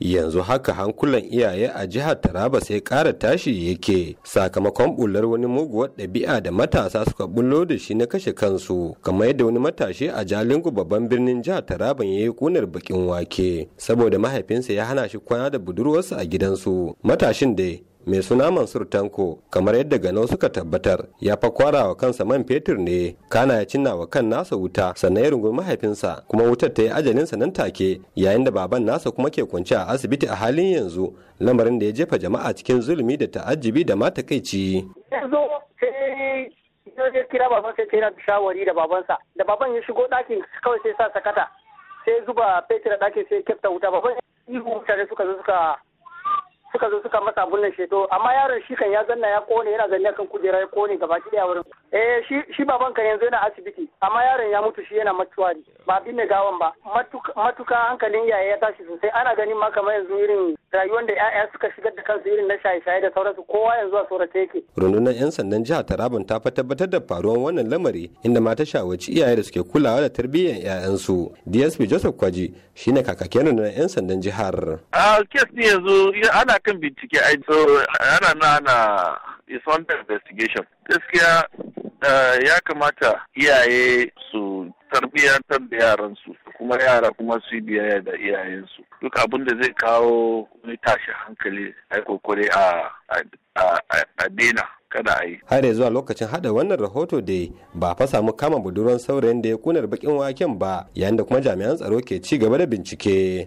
yanzu haka hankulan iyaye a jihar taraba sai ƙara tashi yake sakamakon bular wani muguwar ɗabi'a da matasa suka bullo da shi na kashe kansu kamar yadda wani matashi a jalingu babban birnin jihar taraba ya yi kunar bakin wake saboda mahaifinsa ya hana shi kwana da budurwarsa a gidansu matashin dai mai suna mansur tanko kamar yadda gano suka tabbatar ya fa kwara wa kansa man fetur ne kana ya cinna wa kan nasa wuta sannan ya rungumi mahaifinsa kuma wutar ta yi ajalinsa nan take yayin da baban nasa kuma ke kwance a asibiti a halin yanzu lamarin da ya jefa jama'a cikin zulumi da ta'ajjibi da mata ya kira baban sai yana shawari da babansa da baban ya shigo ɗakin kawai sai sa sakata sai zuba fetur a ɗakin sai kyafta wuta baban ihu mutane suka zo suka suka zo suka masa abun nan sheto amma yaron shi kan ya zanna ya kone yana zanne kan kujera ya kone gaba ki daya wurin Eh shi baban ka yanzu yana asibiti amma yaron ya mutu shi yana matuwari ba binne gawan ba matuka hankalin iyaye ya tashi sosai ana ganin ma kamar yanzu irin rayuwar da 'ya'ya suka shigar da kansu irin na shaye-shaye da sauransu kowa yanzu a tsorata yake. Rundunar 'yan sandan jihar Taraban ta fa tabbatar da faruwar wannan lamari inda mata shawarci iyaye da suke kulawa da tarbiyyar 'ya'yansu. DSP Joseph Kwaji shine kakakin rundunar 'yan sandan jihar. A kes ne yanzu ana kan bincike ai ana na ana is under investigation. Gaskiya Eh, ya kamata iyaye su tarbiyyantar da yaransu kuma yara kuma su yi biyayya da iyayensu duk abin da zai kawo wani tashi hankali a kokore a dena kada a yi har zuwa lokacin hada wannan rahoto da ba fa samu kama buduran saurayin da ya kunar bakin waken ba yayin da kuma jami'an tsaro ke ci gaba da bincike